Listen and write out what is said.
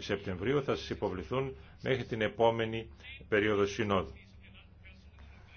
Σεπτεμβρίου θα σας υποβληθούν μέχρι την επόμενη περίοδο συνόδου.